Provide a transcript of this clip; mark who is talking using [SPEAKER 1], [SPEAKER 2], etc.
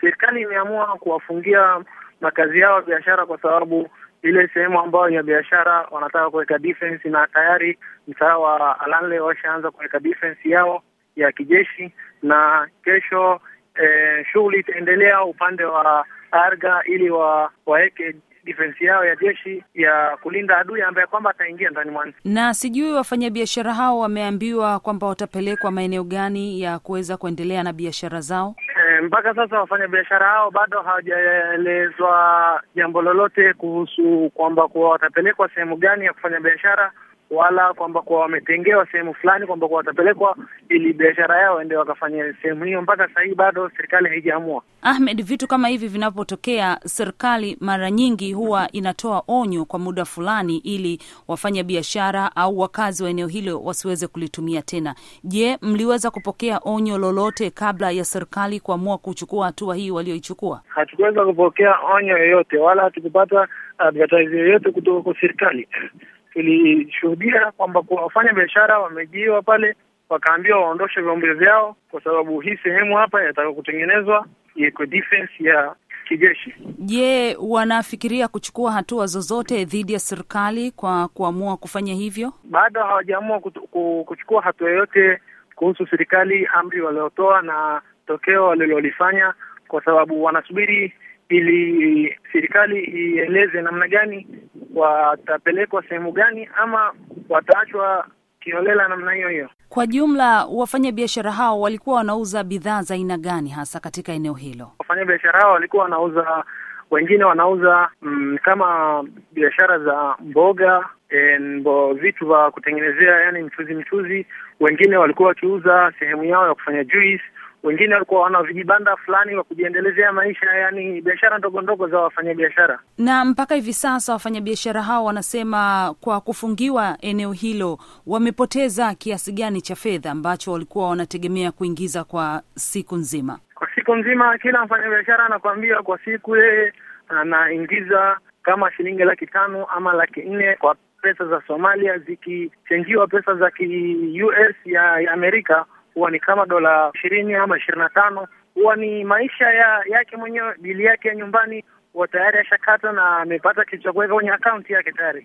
[SPEAKER 1] serikali imeamua kuwafungia makazi yao ya biashara kwa sababu ile sehemu ambayo ya biashara wanataka kuweka defense, na tayari mtaa wa Alanle washaanza kuweka defense yao ya kijeshi, na kesho eh, shughuli itaendelea upande wa Arga ili wa, waweke defense yao ya jeshi ya kulinda adui ambaye kwamba ataingia ndani mwani.
[SPEAKER 2] Na sijui wafanyabiashara hao wameambiwa kwamba watapelekwa maeneo gani ya kuweza kuendelea na biashara zao.
[SPEAKER 1] Eh, mpaka sasa wafanyabiashara hao bado hawajaelezwa jambo lolote kuhusu kwamba kuwa watapelekwa sehemu gani ya kufanya biashara wala kwamba kwa wametengewa sehemu fulani kwamba kwa watapelekwa ili biashara yao ende wakafanya sehemu hiyo. Mpaka sasa hii bado serikali haijaamua.
[SPEAKER 2] Ahmed, vitu kama hivi vinapotokea, serikali mara nyingi huwa inatoa onyo kwa muda fulani, ili wafanya biashara au wakazi wa eneo hilo wasiweze kulitumia tena. Je, mliweza kupokea onyo lolote kabla ya serikali kuamua kuchukua hatua hii walioichukua?
[SPEAKER 1] Hatukuweza kupokea onyo yoyote wala hatukupata advertise yoyote kutoka kwa serikali ilishuhudia kwamba wafanya biashara wamejiwa pale, wakaambiwa waondoshe vyombo vyao, kwa sababu hii sehemu hapa inataka kutengenezwa iwekwe defense ya kijeshi.
[SPEAKER 2] Je, wanafikiria kuchukua hatua zozote dhidi ya serikali kwa kuamua kufanya hivyo?
[SPEAKER 1] Bado hawajaamua kuchukua hatua yoyote kuhusu serikali, amri waliotoa na tokeo walilolifanya, kwa sababu wanasubiri ili serikali ieleze namna gani watapelekwa sehemu gani ama wataachwa kiolela namna hiyo hiyo?
[SPEAKER 2] Kwa jumla wafanya biashara hao walikuwa wanauza bidhaa za aina gani hasa katika eneo hilo?
[SPEAKER 1] wafanya biashara hao walikuwa wanauza, wengine wanauza mm, kama biashara za mboga eh, mbo, vitu vya kutengenezea, yani mchuzi mchuzi. Wengine walikuwa wakiuza sehemu yao ya kufanya juice wengine walikuwa wana vijibanda fulani wa kujiendelezea maisha, yani biashara ndogo ndogo za wafanyabiashara.
[SPEAKER 2] Na mpaka hivi sasa wafanyabiashara hao wanasema kwa kufungiwa eneo hilo wamepoteza kiasi gani cha fedha ambacho walikuwa wanategemea kuingiza kwa siku nzima. Kwa
[SPEAKER 1] siku nzima, kila mfanyabiashara anakuambia kwa siku yeye anaingiza kama shilingi laki tano ama laki nne kwa pesa za Somalia, zikichenjiwa pesa za ki US ya, ya Amerika huwa ni kama dola ishirini ama ishirini na tano huwa ni maisha ya yake mwenyewe, bili yake ya nyumbani huwa tayari ashakata na amepata kitu cha kuweka kwenye akaunti yake tayari.